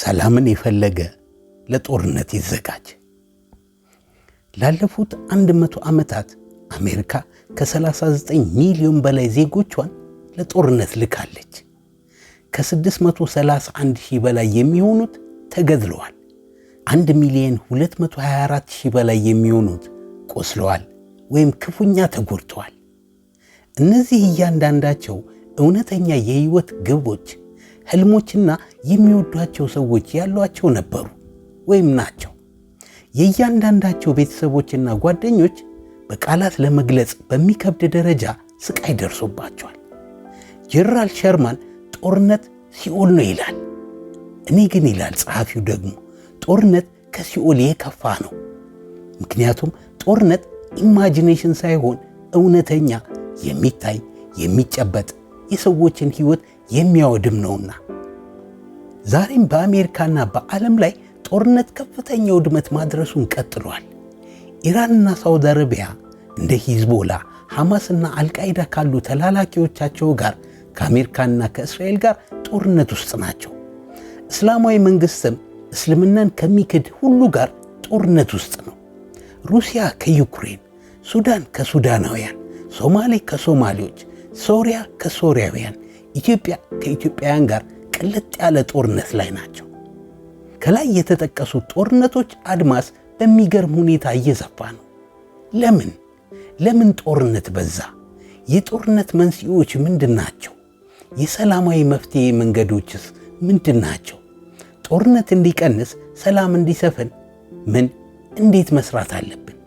ሰላምን የፈለገ ለጦርነት ይዘጋጅ። ላለፉት 100 ዓመታት አሜሪካ ከ39 ሚሊዮን በላይ ዜጎቿን ለጦርነት ልካለች። ከ631 ሺህ በላይ የሚሆኑት ተገድለዋል። 1 ሚሊዮን 224 ሺህ በላይ የሚሆኑት ቆስለዋል ወይም ክፉኛ ተጎድተዋል። እነዚህ እያንዳንዳቸው እውነተኛ የሕይወት ግቦች ህልሞችና የሚወዷቸው ሰዎች ያሏቸው ነበሩ ወይም ናቸው። የእያንዳንዳቸው ቤተሰቦችና ጓደኞች በቃላት ለመግለጽ በሚከብድ ደረጃ ስቃይ ደርሶባቸዋል። ጀነራል ሸርማን ጦርነት ሲኦል ነው ይላል። እኔ ግን ይላል ጸሐፊው ደግሞ ጦርነት ከሲኦል የከፋ ነው። ምክንያቱም ጦርነት ኢማጂኔሽን ሳይሆን እውነተኛ የሚታይ የሚጨበጥ የሰዎችን ሕይወት የሚያወድም ነውና ዛሬም በአሜሪካና በዓለም ላይ ጦርነት ከፍተኛ ውድመት ማድረሱን ቀጥሏል። ኢራንና ሳውዲ አረቢያ እንደ ሂዝቦላ፣ ሐማስና አልቃይዳ ካሉ ተላላኪዎቻቸው ጋር ከአሜሪካና ከእስራኤል ጋር ጦርነት ውስጥ ናቸው። እስላማዊ መንግሥትም እስልምናን ከሚክድ ሁሉ ጋር ጦርነት ውስጥ ነው። ሩሲያ ከዩክሬን፣ ሱዳን ከሱዳናውያን፣ ሶማሌ ከሶማሌዎች፣ ሶሪያ ከሶሪያውያን ኢትዮጵያ ከኢትዮጵያውያን ጋር ቅልጥ ያለ ጦርነት ላይ ናቸው። ከላይ የተጠቀሱት ጦርነቶች አድማስ በሚገርም ሁኔታ እየሰፋ ነው። ለምን ለምን ጦርነት በዛ? የጦርነት መንስኤዎች ምንድን ናቸው? የሰላማዊ መፍትሄ መንገዶችስ ምንድን ናቸው? ጦርነት እንዲቀንስ፣ ሰላም እንዲሰፍን ምን እንዴት መስራት አለብን?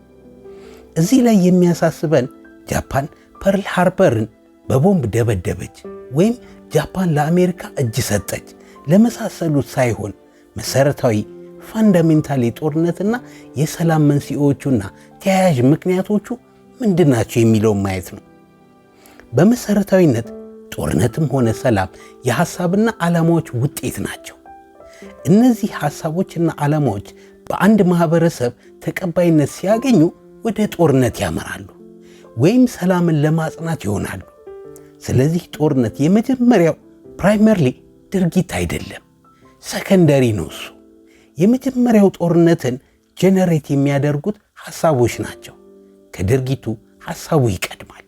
እዚህ ላይ የሚያሳስበን ጃፓን ፐርል ሃርበርን በቦምብ ደበደበች። ወይም ጃፓን ለአሜሪካ እጅ ሰጠች ለመሳሰሉት ሳይሆን መሰረታዊ ፋንዳሜንታል የጦርነትና የሰላም መንስኤዎቹና ተያያዥ ምክንያቶቹ ምንድን ናቸው የሚለውን ማየት ነው። በመሰረታዊነት ጦርነትም ሆነ ሰላም የሐሳብና ዓላማዎች ውጤት ናቸው። እነዚህ ሐሳቦችና ዓላማዎች በአንድ ማኅበረሰብ ተቀባይነት ሲያገኙ ወደ ጦርነት ያመራሉ ወይም ሰላምን ለማጽናት ይሆናሉ። ስለዚህ ጦርነት የመጀመሪያው ፕራይመርሊ ድርጊት አይደለም፣ ሰከንደሪ ነው እሱ። የመጀመሪያው ጦርነትን ጀነሬት የሚያደርጉት ሐሳቦች ናቸው። ከድርጊቱ ሐሳቡ ይቀድማል።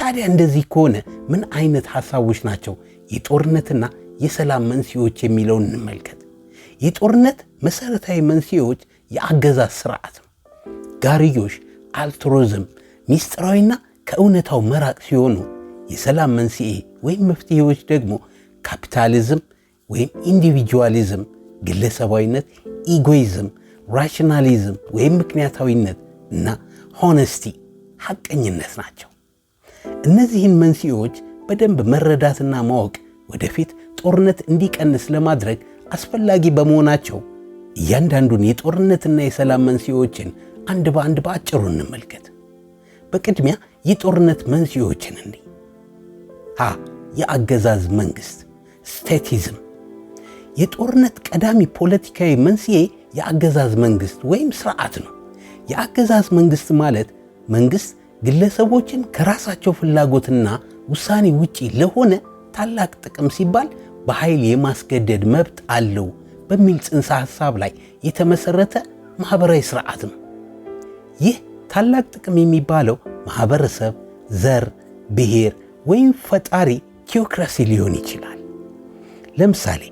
ታዲያ እንደዚህ ከሆነ ምን አይነት ሐሳቦች ናቸው የጦርነትና የሰላም መንስኤዎች የሚለውን እንመልከት። የጦርነት መሠረታዊ መንስኤዎች የአገዛዝ ስርዓት ነው። ጋርዮሽ፣ አልትሮዝም፣ ሚስጥራዊና ከእውነታው መራቅ ሲሆኑ የሰላም መንስኤ ወይም መፍትሄዎች ደግሞ ካፒታሊዝም ወይም ኢንዲቪጁዋሊዝም ግለሰባዊነት፣ ኢጎይዝም፣ ራሽናሊዝም ወይም ምክንያታዊነት እና ሆነስቲ ሐቀኝነት ናቸው። እነዚህን መንስኤዎች በደንብ መረዳትና ማወቅ ወደፊት ጦርነት እንዲቀንስ ለማድረግ አስፈላጊ በመሆናቸው እያንዳንዱን የጦርነትና የሰላም መንስኤዎችን አንድ በአንድ በአጭሩ እንመልከት። በቅድሚያ የጦርነት መንስኤዎችን እንይ። ሀ የአገዛዝ መንግስት ስቴቲዝም። የጦርነት ቀዳሚ ፖለቲካዊ መንስኤ የአገዛዝ መንግስት ወይም ስርዓት ነው። የአገዛዝ መንግስት ማለት መንግስት ግለሰቦችን ከራሳቸው ፍላጎትና ውሳኔ ውጪ ለሆነ ታላቅ ጥቅም ሲባል በኃይል የማስገደድ መብት አለው በሚል ጽንሰ ሐሳብ ላይ የተመሰረተ ማኅበራዊ ስርዓት ነው። ይህ ታላቅ ጥቅም የሚባለው ማኅበረሰብ፣ ዘር፣ ብሔር ወይም ፈጣሪ ቴዎክራሲ ሊሆን ይችላል። ለምሳሌ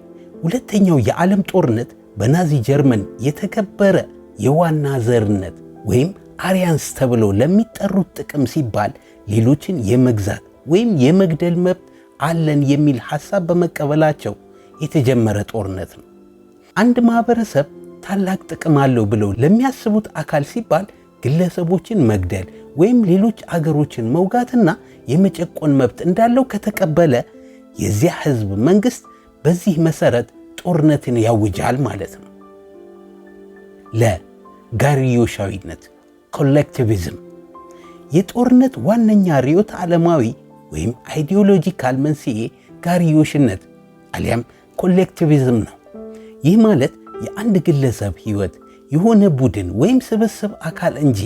ሁለተኛው የዓለም ጦርነት በናዚ ጀርመን የተከበረ የዋና ዘርነት ወይም አሪያንስ ተብለው ለሚጠሩት ጥቅም ሲባል ሌሎችን የመግዛት ወይም የመግደል መብት አለን የሚል ሐሳብ በመቀበላቸው የተጀመረ ጦርነት ነው። አንድ ማኅበረሰብ ታላቅ ጥቅም አለው ብለው ለሚያስቡት አካል ሲባል ግለሰቦችን መግደል ወይም ሌሎች አገሮችን መውጋትና የመጨቆን መብት እንዳለው ከተቀበለ የዚያ ህዝብ መንግስት በዚህ መሰረት ጦርነትን ያውጃል ማለት ነው። ለ ኮሌክቲቪዝም የጦርነት ዋነኛ ርዕዮተ ዓለማዊ ወይም አይዲዮሎጂካል መንስኤ ጋርዮሽነት አሊያም ኮሌክቲቪዝም ነው። ይህ ማለት የአንድ ግለሰብ ህይወት የሆነ ቡድን ወይም ስብስብ አካል እንጂ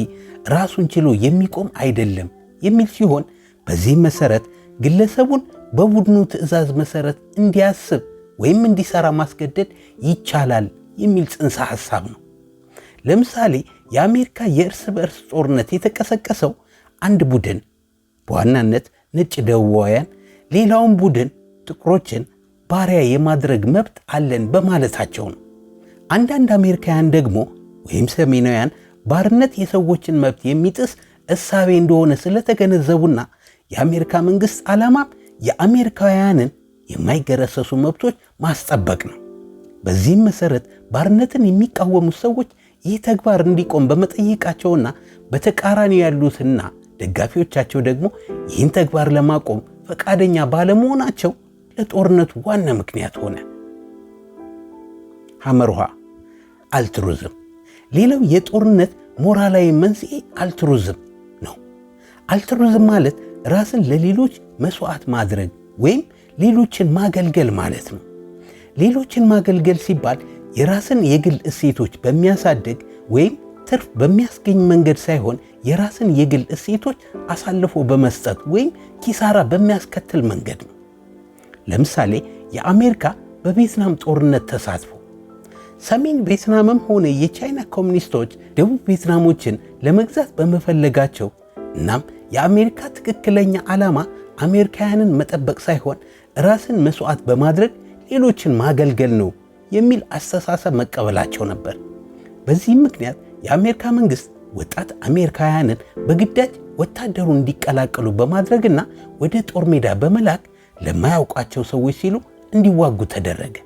ራሱን ችሎ የሚቆም አይደለም የሚል ሲሆን በዚህም መሰረት ግለሰቡን በቡድኑ ትዕዛዝ መሰረት እንዲያስብ ወይም እንዲሰራ ማስገደድ ይቻላል የሚል ጽንሰ ሐሳብ ነው። ለምሳሌ የአሜሪካ የእርስ በእርስ ጦርነት የተቀሰቀሰው አንድ ቡድን በዋናነት ነጭ ደቡባውያን ሌላውን ቡድን ጥቁሮችን ባሪያ የማድረግ መብት አለን በማለታቸው ነው። አንዳንድ አሜሪካውያን ደግሞ ወይም ሰሜናውያን ባርነት የሰዎችን መብት የሚጥስ እሳቤ እንደሆነ ስለተገነዘቡና የአሜሪካ መንግሥት ዓላማም የአሜሪካውያንን የማይገረሰሱ መብቶች ማስጠበቅ ነው። በዚህም መሠረት ባርነትን የሚቃወሙት ሰዎች ይህ ተግባር እንዲቆም በመጠየቃቸውና በተቃራኒ ያሉትና ደጋፊዎቻቸው ደግሞ ይህን ተግባር ለማቆም ፈቃደኛ ባለመሆናቸው ለጦርነቱ ዋና ምክንያት ሆነ። ሐመር አልትሩዝም። ሌላው የጦርነት ሞራላዊ መንስኤ አልትሩዝም ነው። አልትሩዝም ማለት ራስን ለሌሎች መስዋዕት ማድረግ ወይም ሌሎችን ማገልገል ማለት ነው። ሌሎችን ማገልገል ሲባል የራስን የግል እሴቶች በሚያሳድግ ወይም ትርፍ በሚያስገኝ መንገድ ሳይሆን የራስን የግል እሴቶች አሳልፎ በመስጠት ወይም ኪሳራ በሚያስከትል መንገድ ነው። ለምሳሌ የአሜሪካ በቪየትናም ጦርነት ተሳትፎ ሰሜን ቬትናምም ሆነ የቻይና ኮሚኒስቶች ደቡብ ቬትናሞችን ለመግዛት በመፈለጋቸው እናም የአሜሪካ ትክክለኛ ዓላማ አሜሪካውያንን መጠበቅ ሳይሆን ራስን መስዋዕት በማድረግ ሌሎችን ማገልገል ነው የሚል አስተሳሰብ መቀበላቸው ነበር። በዚህም ምክንያት የአሜሪካ መንግሥት ወጣት አሜሪካውያንን በግዳጅ ወታደሩ እንዲቀላቀሉ በማድረግና ወደ ጦር ሜዳ በመላክ ለማያውቋቸው ሰዎች ሲሉ እንዲዋጉ ተደረገ።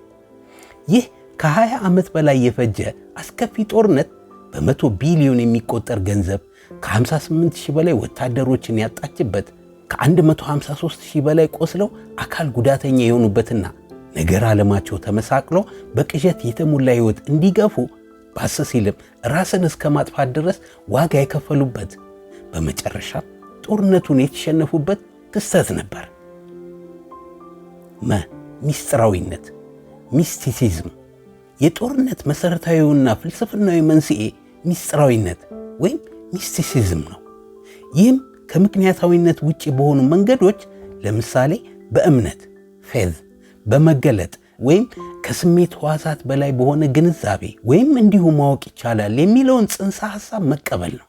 ይህ ከ20 ዓመት በላይ የፈጀ አስከፊ ጦርነት በመቶ ቢሊዮን የሚቆጠር ገንዘብ ከ58 ሺህ በላይ ወታደሮችን ያጣችበት ከ153 ሺህ በላይ ቆስለው አካል ጉዳተኛ የሆኑበትና ነገር ዓለማቸው ተመሳቅሎ በቅዠት የተሞላ ሕይወት እንዲገፉ ባስ ሲልም ራስን እስከ ማጥፋት ድረስ ዋጋ የከፈሉበት በመጨረሻ ጦርነቱን የተሸነፉበት ክስተት ነበር። መ ሚስጥራዊነት ሚስቲሲዝም የጦርነት መሠረታዊውና ፍልስፍናዊ መንስኤ ሚስጥራዊነት ወይም ሚስቲሲዝም ነው። ይህም ከምክንያታዊነት ውጭ በሆኑ መንገዶች ለምሳሌ በእምነት ፌዝ፣ በመገለጥ ወይም ከስሜት ህዋሳት በላይ በሆነ ግንዛቤ ወይም እንዲሁ ማወቅ ይቻላል የሚለውን ጽንሰ ሐሳብ መቀበል ነው።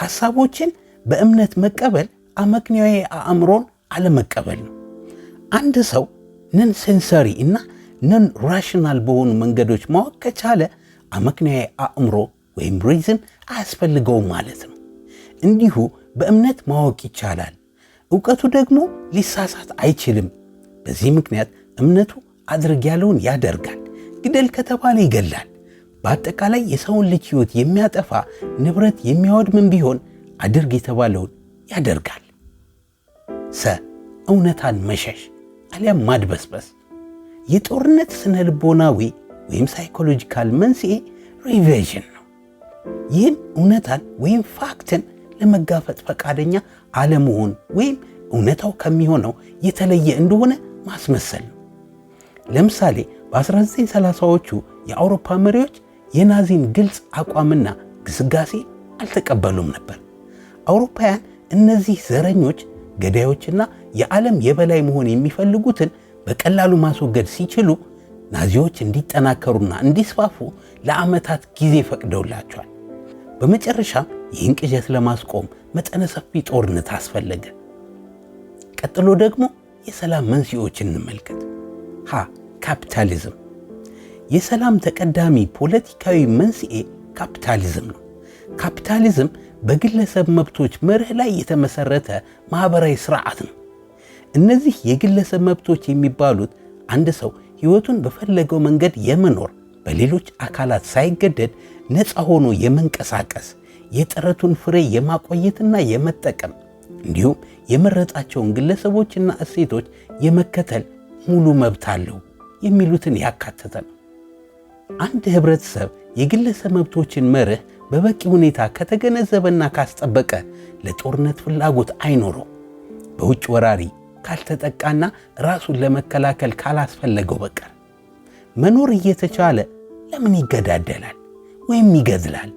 ሐሳቦችን በእምነት መቀበል አመክንያዊ አእምሮን አለመቀበል ነው። አንድ ሰው ነን ሴንሰሪ እና ነን ራሽናል በሆኑ መንገዶች ማወቅ ከቻለ አመክንያዊ አእምሮ ወይም ሪዝን አያስፈልገውም ማለት ነው። እንዲሁ በእምነት ማወቅ ይቻላል። እውቀቱ ደግሞ ሊሳሳት አይችልም። በዚህ ምክንያት እምነቱ አድርግ ያለውን ያደርጋል፣ ግደል ከተባለ ይገላል። በአጠቃላይ የሰውን ልጅ ሕይወት የሚያጠፋ ንብረት የሚያወድምን ቢሆን አድርግ የተባለውን ያደርጋል። ሰ እውነታን መሸሽ አሊያም ማድበስበስ የጦርነት ስነ ልቦናዊ ወይም ሳይኮሎጂካል መንስኤ ሪቨዥን ነው። ይህም እውነታን ወይም ፋክትን ለመጋፈጥ ፈቃደኛ አለመሆን ወይም እውነታው ከሚሆነው የተለየ እንደሆነ ማስመሰል ነው። ለምሳሌ በ1930ዎቹ የአውሮፓ መሪዎች የናዚን ግልጽ አቋምና ግስጋሴ አልተቀበሉም ነበር። አውሮፓውያን እነዚህ ዘረኞች ገዳዮችና የዓለም የበላይ መሆን የሚፈልጉትን በቀላሉ ማስወገድ ሲችሉ ናዚዎች እንዲጠናከሩና እንዲስፋፉ ለዓመታት ጊዜ ፈቅደውላቸዋል። በመጨረሻ ይህን ቅዠት ለማስቆም መጠነ ሰፊ ጦርነት አስፈለገ። ቀጥሎ ደግሞ የሰላም መንስኤዎች እንመልከት። ሀ ካፒታሊዝም። የሰላም ተቀዳሚ ፖለቲካዊ መንስኤ ካፒታሊዝም ነው። ካፒታሊዝም በግለሰብ መብቶች መርህ ላይ የተመሰረተ ማኅበራዊ ስርዓት ነው። እነዚህ የግለሰብ መብቶች የሚባሉት አንድ ሰው ሕይወቱን በፈለገው መንገድ የመኖር በሌሎች አካላት ሳይገደድ ነፃ ሆኖ የመንቀሳቀስ የጥረቱን ፍሬ የማቆየትና የመጠቀም እንዲሁም የመረጣቸውን ግለሰቦችና እሴቶች የመከተል ሙሉ መብት አለው የሚሉትን ያካተተ ነው። አንድ ህብረተሰብ የግለሰብ መብቶችን መርህ በበቂ ሁኔታ ከተገነዘበና ካስጠበቀ ለጦርነት ፍላጎት አይኖረው። በውጭ ወራሪ ካልተጠቃና ራሱን ለመከላከል ካላስፈለገው በቀር መኖር እየተቻለ ለምን ይገዳደላል ወይም ይገድላል?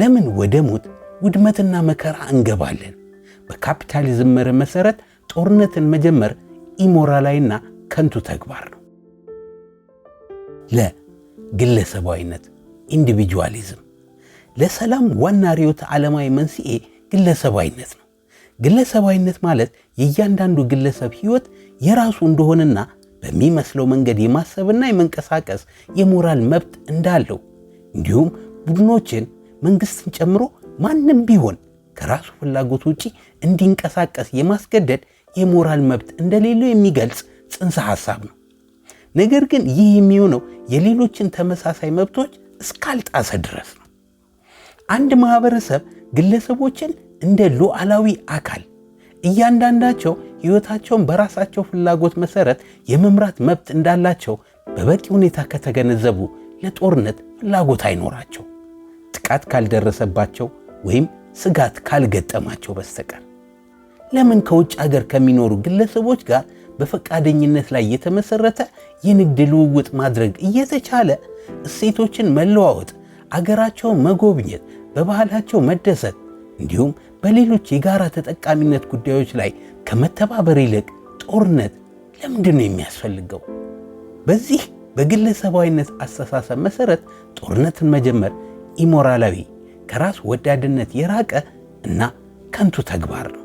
ለምን ወደ ሞት ውድመትና መከራ እንገባለን? በካፒታሊዝም መርህ መሰረት ጦርነትን መጀመር ኢሞራላዊና ከንቱ ተግባር ነው። ለግለሰባዊነት ኢንዲቪጁዋሊዝም ለሰላም ዋና ርዕዮተ ዓለማዊ መንስኤ ግለሰባዊነት ነው። ግለሰባዊነት ማለት የእያንዳንዱ ግለሰብ ህይወት የራሱ እንደሆነና በሚመስለው መንገድ የማሰብና የመንቀሳቀስ የሞራል መብት እንዳለው እንዲሁም ቡድኖችን መንግስትን ጨምሮ ማንም ቢሆን ከራሱ ፍላጎት ውጪ እንዲንቀሳቀስ የማስገደድ የሞራል መብት እንደሌለው የሚገልጽ ጽንሰ ሐሳብ ነው። ነገር ግን ይህ የሚሆነው የሌሎችን ተመሳሳይ መብቶች እስካልጣሰ ድረስ ነው። አንድ ማህበረሰብ ግለሰቦችን እንደ ሉዓላዊ አካል እያንዳንዳቸው ሕይወታቸውን በራሳቸው ፍላጎት መሠረት የመምራት መብት እንዳላቸው በበቂ ሁኔታ ከተገነዘቡ ለጦርነት ፍላጎት አይኖራቸው ጥቃት ካልደረሰባቸው ወይም ስጋት ካልገጠማቸው በስተቀር። ለምን ከውጭ ሀገር ከሚኖሩ ግለሰቦች ጋር በፈቃደኝነት ላይ የተመሠረተ የንግድ ልውውጥ ማድረግ እየተቻለ እሴቶችን መለዋወጥ፣ አገራቸውን መጎብኘት፣ በባህላቸው መደሰት እንዲሁም በሌሎች የጋራ ተጠቃሚነት ጉዳዮች ላይ ከመተባበር ይልቅ ጦርነት ለምንድን ነው የሚያስፈልገው? በዚህ በግለሰባዊነት አስተሳሰብ መሰረት ጦርነትን መጀመር ኢሞራላዊ፣ ከራስ ወዳድነት የራቀ እና ከንቱ ተግባር ነው።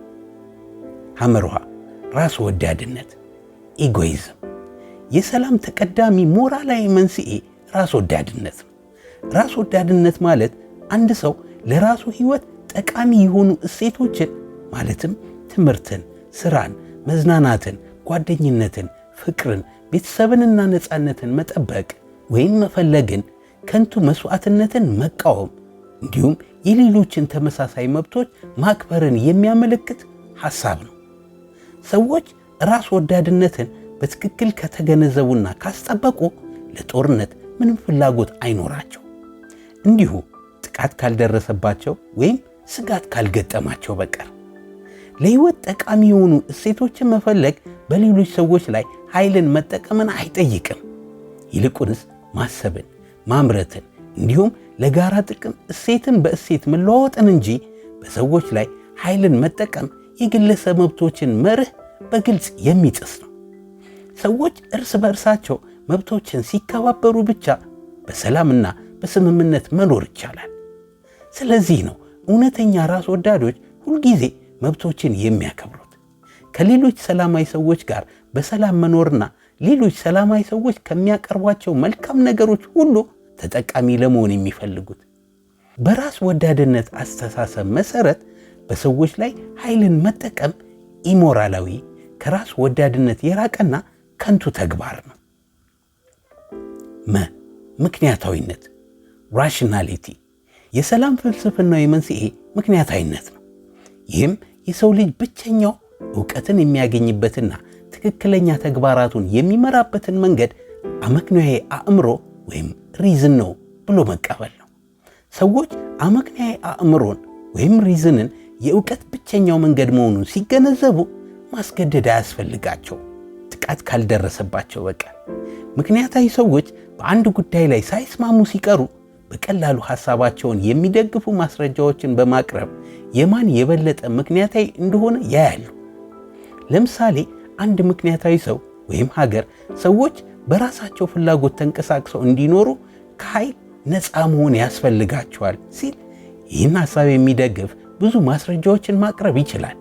ሐመርሃ ራስ ወዳድነት ኢጎይዝም። የሰላም ተቀዳሚ ሞራላዊ መንስኤ ራስ ወዳድነት ነው። ራስ ወዳድነት ማለት አንድ ሰው ለራሱ ሕይወት ጠቃሚ የሆኑ እሴቶችን ማለትም ትምህርትን፣ ስራን፣ መዝናናትን፣ ጓደኝነትን፣ ፍቅርን፣ ቤተሰብንና ነፃነትን መጠበቅ ወይም መፈለግን፣ ከንቱ መስዋዕትነትን መቃወም እንዲሁም የሌሎችን ተመሳሳይ መብቶች ማክበርን የሚያመለክት ሐሳብ ነው። ሰዎች ራስ ወዳድነትን በትክክል ከተገነዘቡና ካስጠበቁ ለጦርነት ምንም ፍላጎት አይኖራቸው። እንዲሁ ጥቃት ካልደረሰባቸው ወይም ስጋት ካልገጠማቸው በቀር ለሕይወት ጠቃሚ የሆኑ እሴቶችን መፈለግ በሌሎች ሰዎች ላይ ኃይልን መጠቀምን አይጠይቅም። ይልቁንስ ማሰብን፣ ማምረትን እንዲሁም ለጋራ ጥቅም እሴትን በእሴት መለዋወጥን እንጂ በሰዎች ላይ ኃይልን መጠቀም የግለሰብ መብቶችን መርህ በግልጽ የሚጥስ ነው። ሰዎች እርስ በእርሳቸው መብቶችን ሲከባበሩ ብቻ በሰላምና በስምምነት መኖር ይቻላል። ስለዚህ ነው እውነተኛ ራስ ወዳዶች ሁልጊዜ መብቶችን የሚያከብሩት ከሌሎች ሰላማዊ ሰዎች ጋር በሰላም መኖርና ሌሎች ሰላማዊ ሰዎች ከሚያቀርቧቸው መልካም ነገሮች ሁሉ ተጠቃሚ ለመሆን የሚፈልጉት በራስ ወዳድነት አስተሳሰብ መሰረት በሰዎች ላይ ኃይልን መጠቀም ኢሞራላዊ፣ ከራስ ወዳድነት የራቀና ከንቱ ተግባር ነው። መ ምክንያታዊነት ራሽናሊቲ የሰላም ፍልስፍናዊ መንስኤ ምክንያታዊነት ነው። ይህም የሰው ልጅ ብቸኛው እውቀትን የሚያገኝበትና ትክክለኛ ተግባራቱን የሚመራበትን መንገድ አመክንያዊ አእምሮ ወይም ሪዝን ነው ብሎ መቀበል ነው። ሰዎች አመክንያዊ አእምሮን ወይም ሪዝንን የእውቀት ብቸኛው መንገድ መሆኑን ሲገነዘቡ ማስገደድ አያስፈልጋቸው ጥቃት ካልደረሰባቸው በቀር። ምክንያታዊ ሰዎች በአንድ ጉዳይ ላይ ሳይስማሙ ሲቀሩ በቀላሉ ሐሳባቸውን የሚደግፉ ማስረጃዎችን በማቅረብ የማን የበለጠ ምክንያታዊ እንደሆነ ያያሉ። ለምሳሌ አንድ ምክንያታዊ ሰው ወይም ሀገር ሰዎች በራሳቸው ፍላጎት ተንቀሳቅሰው እንዲኖሩ ከኃይል ነፃ መሆን ያስፈልጋቸዋል ሲል ይህን ሐሳብ የሚደግፍ ብዙ ማስረጃዎችን ማቅረብ ይችላል።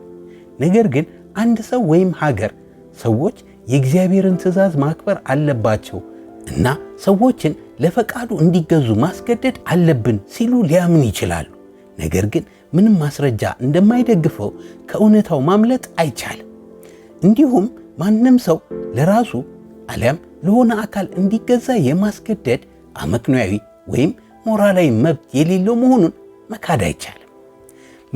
ነገር ግን አንድ ሰው ወይም ሀገር ሰዎች የእግዚአብሔርን ትእዛዝ ማክበር አለባቸው እና ሰዎችን ለፈቃዱ እንዲገዙ ማስገደድ አለብን ሲሉ ሊያምን ይችላሉ። ነገር ግን ምንም ማስረጃ እንደማይደግፈው ከእውነታው ማምለጥ አይቻልም። እንዲሁም ማንም ሰው ለራሱ አሊያም ለሆነ አካል እንዲገዛ የማስገደድ አመክንያዊ ወይም ሞራላዊ መብት የሌለው መሆኑን መካድ አይቻልም።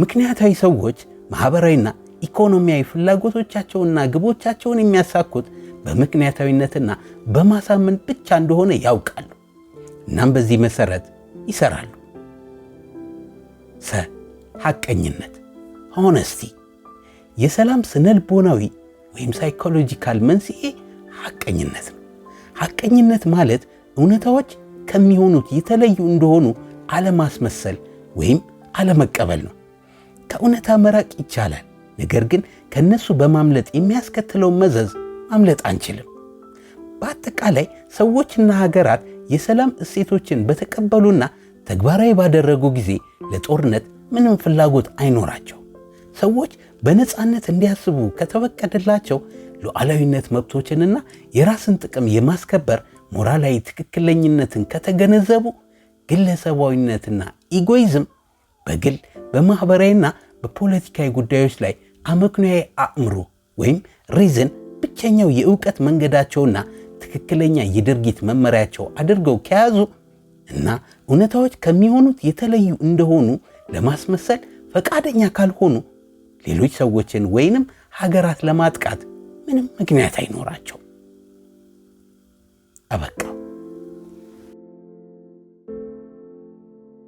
ምክንያታዊ ሰዎች ማኅበራዊና ኢኮኖሚያዊ ፍላጎቶቻቸውና ግቦቻቸውን የሚያሳኩት በምክንያታዊነትና በማሳመን ብቻ እንደሆነ ያውቃሉ። እናም በዚህ መሰረት ይሰራሉ። ሰ ሐቀኝነት ሆነስቲ የሰላም ስነልቦናዊ ወይም ሳይኮሎጂካል መንስኤ ሐቀኝነት ነው። ሐቀኝነት ማለት እውነታዎች ከሚሆኑት የተለዩ እንደሆኑ አለማስመሰል ወይም አለመቀበል ነው። ከእውነታ መራቅ ይቻላል፣ ነገር ግን ከነሱ በማምለጥ የሚያስከትለው መዘዝ ማምለጥ አንችልም። በአጠቃላይ ሰዎችና ሀገራት የሰላም እሴቶችን በተቀበሉና ተግባራዊ ባደረጉ ጊዜ ለጦርነት ምንም ፍላጎት አይኖራቸው። ሰዎች በነፃነት እንዲያስቡ ከተፈቀደላቸው ሉዓላዊነት መብቶችንና የራስን ጥቅም የማስከበር ሞራላዊ ትክክለኝነትን ከተገነዘቡ ግለሰባዊነትና ኢጎይዝም በግል በማኅበራዊና በፖለቲካዊ ጉዳዮች ላይ አመክንያዊ አእምሮ ወይም ሪዝን ብቸኛው የእውቀት መንገዳቸውና ትክክለኛ የድርጊት መመሪያቸው አድርገው ከያዙ እና እውነታዎች ከሚሆኑት የተለዩ እንደሆኑ ለማስመሰል ፈቃደኛ ካልሆኑ ሌሎች ሰዎችን ወይንም ሀገራት ለማጥቃት ምንም ምክንያት አይኖራቸው። አበቃው።